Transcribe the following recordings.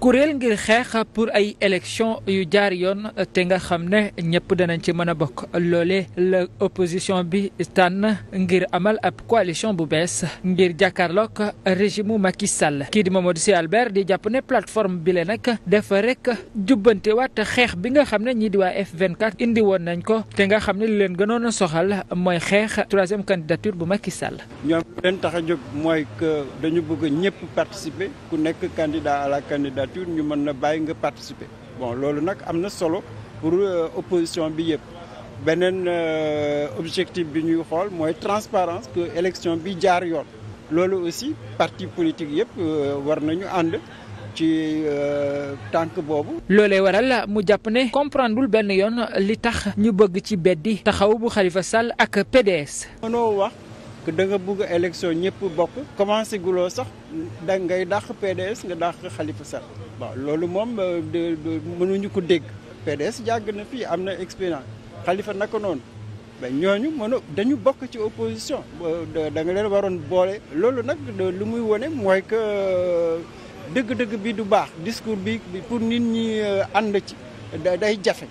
kuréel ngir xeex pour ay élection yu jaar yoon te nga xam ne ñëpp danañ ci mën a bokk loole la opposition bi tànn ngir amal ab coalition bu bees ngir jàkkaarloog régime Macky Sall kii di Mamadou Sy Albert di jàpp ne plateforme bi le nag dafa rek jubbante waat xeex bi nga xam ne ñii di waa F24 indi woon nañ ko te nga xam ne li leen gënoon a soxal mooy xeex troisième candidature bu Macky Sall. ñoom leen tax a jóg mooy dañu bëgg ñëpp participer ku candidature ñu mën na bàyyi nga participer bon loolu nag am na solo pour euh, opposition bi yëpp beneen euh, objectif bi ñuy xool mooy transparence que élection bi jaar yoon loolu aussi parti politique yëpp euh, war nañu ànd ci tànk boobu. loolee waral mu jàpp ne comprendrewul benn yoon li tax ñu bëgg ci beddi taxaw bu Khalifa Sall ak PDS. mënoo wax. que da nga bugg élection ñëpp bokk commencé guloo sax da ngay dàq PDS nga dàq Khalifa Sall waaw loolu moom euh, mënuñu ko dégg PDS jàgg na fii am na expérience Khalifa naka noonu mais ñooñu mën dañu bokk ci opposition da nga leen waroon boole loolu nag lu muy wane mooy que euh, dëgg-dëgg bi du baax discours bi pour nit ñi euh, ànd ci day jafe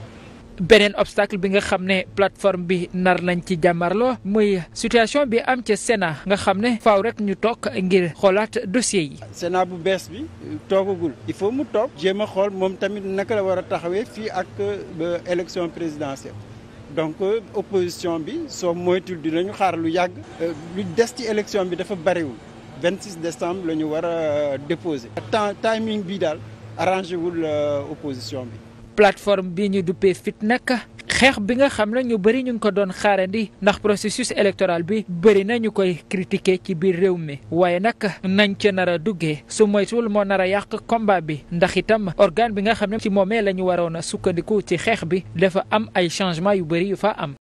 beneen obstacle bi nga xam ne plateforme bi nar nañ ci jàmmarloo muy situation bi am ca Sénat nga xam ne faaw rek ñu toog ngir xoolaat dossier yi. Sénat bu bees bi toogagul il faut mu toog jéem a xool moom tamit naka la war a taxawee fii ak euh, élection présidentielle. donc euh, opposition bi soo moytul dinañu xaar lu yàgg euh, lu des ci élection bi dafa bariwul 26 décembre la ñu war a déposer. temps timing bii daal arrangé wul opposition bi. plateforme bi ñu duppee fit nag xeex bi nga xam ne ñu bëri ñu ngi ko doon xaarandi ndax processus électoral bi bëri na ñu koy critiquer ci biir réew mi waaye nag nañ ca nar a duggee su moytuwul moo nar a yàq combat bi ndax itam organe bi nga xam ne ci moomee la ñu waroon a sukkandiku ci xeex bi dafa am ay changement yu bëri yu fa am.